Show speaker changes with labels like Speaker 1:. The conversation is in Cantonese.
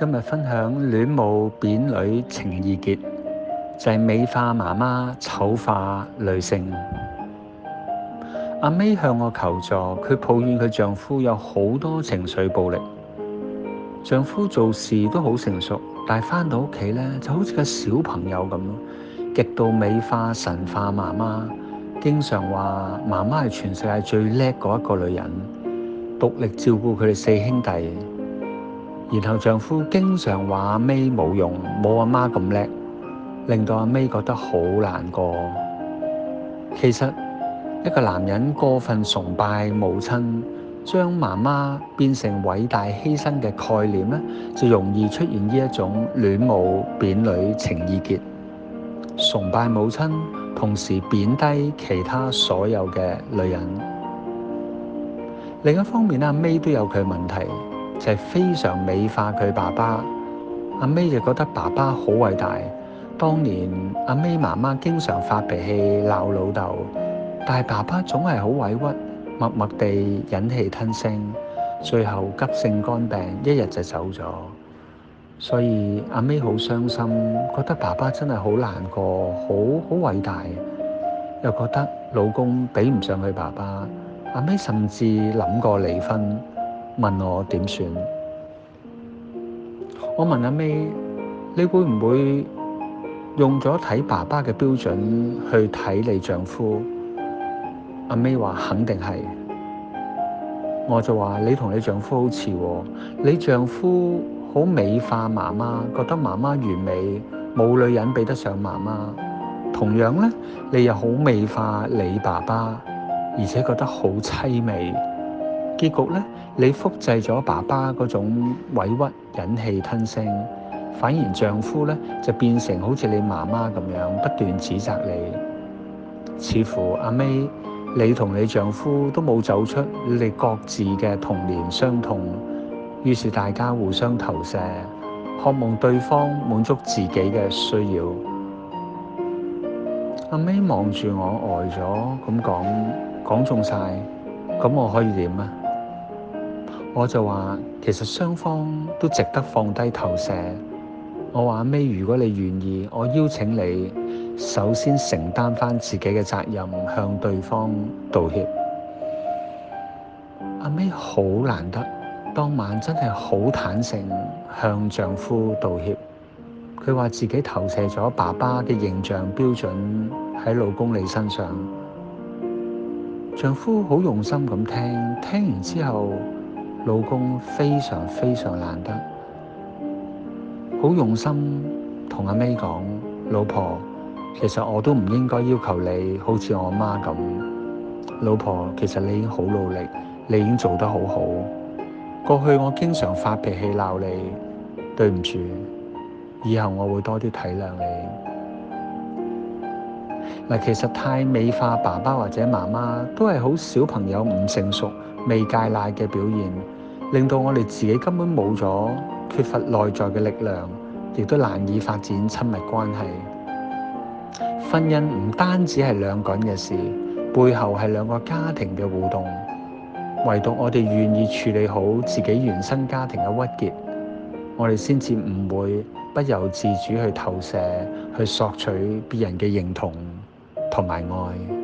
Speaker 1: 今日分享戀母貶女情意結，就係、是、美化媽媽、醜化女性。阿 May 向我求助，佢抱怨佢丈夫有好多情緒暴力。丈夫做事都好成熟，但係翻到屋企咧，就好似個小朋友咁咯，極度美化神化媽媽，經常話媽媽係全世界最叻嗰一個女人，獨力照顧佢哋四兄弟。然後丈夫經常話：阿 May 冇用，冇阿媽咁叻，令到阿 May 覺得好難過。其實一個男人過分崇拜母親，將媽媽變成偉大犧牲嘅概念咧，就容易出現呢一種戀母貶女情意結。崇拜母親，同時貶低其他所有嘅女人。另一方面，阿 May 都有佢問題。就係非常美化佢爸爸，阿 May 就覺得爸爸好偉大。當年阿 May 媽媽經常發脾氣鬧老豆，但係爸爸總係好委屈，默默地忍氣吞聲，最後急性肝病一日就走咗。所以阿 May 好傷心，覺得爸爸真係好難過，好好偉大，又覺得老公比唔上佢爸爸。阿 May 甚至諗過離婚。問我點算？我問阿 May，你會唔會用咗睇爸爸嘅標準去睇你丈夫？阿 May 話：肯定係。我就話：你同你丈夫好似喎、哦，你丈夫好美化媽媽，覺得媽媽完美，冇女人比得上媽媽。同樣呢，你又好美化你爸爸，而且覺得好凄美。結局呢，你複製咗爸爸嗰種委屈、忍氣吞聲，反而丈夫呢就變成好似你媽媽咁樣不斷指責你。似乎阿 May，你同你丈夫都冇走出你哋各自嘅童年傷痛，於是大家互相投射，渴望對方滿足自己嘅需要。阿 May 望住我呆咗，咁講，講中晒，咁我可以點啊？我就話，其實雙方都值得放低投射。我話阿 May，如果你願意，我邀請你首先承擔返自己嘅責任，向對方道歉。阿 May 好難得，當晚真係好坦誠向丈夫道歉。佢話自己投射咗爸爸嘅形象標準喺老公你身上。丈夫好用心咁聽，聽完之後。老公非常非常難得，好用心同阿妹講，老婆，其實我都唔應該要求你，好似我媽咁。老婆，其實你已經好努力，你已經做得好好。過去我經常發脾氣鬧你，對唔住，以後我會多啲體諒你。嗱，其實太美化爸爸或者媽媽都係好小朋友唔成熟，未戒奶嘅表現，令到我哋自己根本冇咗缺乏內在嘅力量，亦都難以發展親密關係。婚姻唔單止係兩個人嘅事，背後係兩個家庭嘅互動。唯獨我哋願意處理好自己原生家庭嘅鬱結，我哋先至唔會不由自主去投射、去索取別人嘅認同同埋愛。